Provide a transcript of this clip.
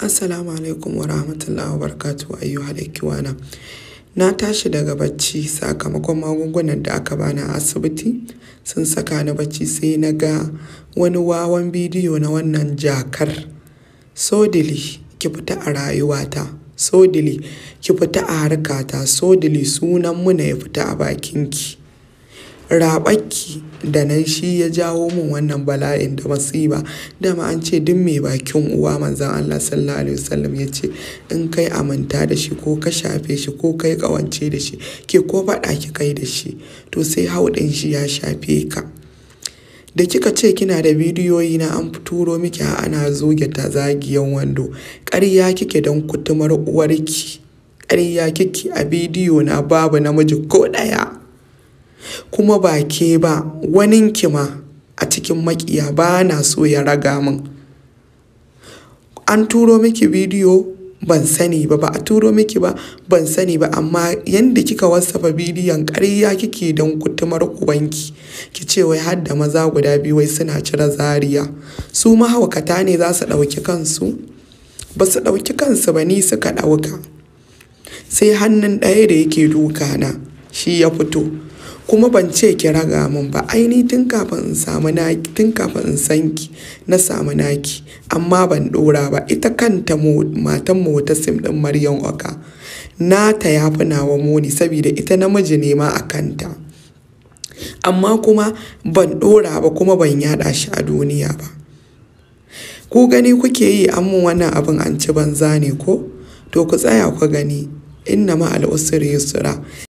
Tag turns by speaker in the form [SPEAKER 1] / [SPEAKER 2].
[SPEAKER 1] Assalamu alaikum wa rahmatullahi wa barakatuhu Ayyu ikiwana. Na tashi daga bacci sakamakon magungunan da aka bani a asibiti sun saka ni bacci sai na ga wani wawan bidiyo na wannan jakar. So dili ki fita a rayuwata, so sodili ki fita a harkata, so sodili sunan muna ya fita a bakinki. raɓakki da nan shi ya jawo mun wannan bala'in da masiba da ma an ce duk mai bakin uwa manzan Allah sallallahu alaihi wasallam ya ce in kai aminta da shi ko ka shafe shi ko kai kawance da shi ke ko faɗa ki kai da shi to sai hauɗin shi ya shafe ka da kika ce kina da bidiyoyi na an turo miki a ana zoge ta zagiyan wando ƙarya kike don kutumar uwarki ƙarya kike a bidiyo na babu namiji ko ɗaya kuma ba ke ba waninki ma a cikin makiya ba na so ya raga min an turo miki bidiyo ban sani ba ba a turo miki ba ban sani ba amma yadda kika wasafa bidiyon karya kike don kutumar ubanki ki ce wai har da maza guda biyu wai suna cire zariya su mahaukata ne za su ɗauki kansu ba su ɗauki kansu ba ni suka ɗauka sai hannun ɗaya da yake dukana shi ya fito kuma ban ce ki raga min ba aini tun kafin in samu naki tun kafin in san ki na samu naki amma ban dora ba ita kanta matan mota sim din Maryam Oka nata ya fi nawa moni saboda ita namiji ne ma a kanta amma kuma ban dora ba kuma ban yada shi a duniya ba ku gani kuke yi amma wannan abin an ci banza ne ko to ku tsaya ku gani inna ma al'usri yusra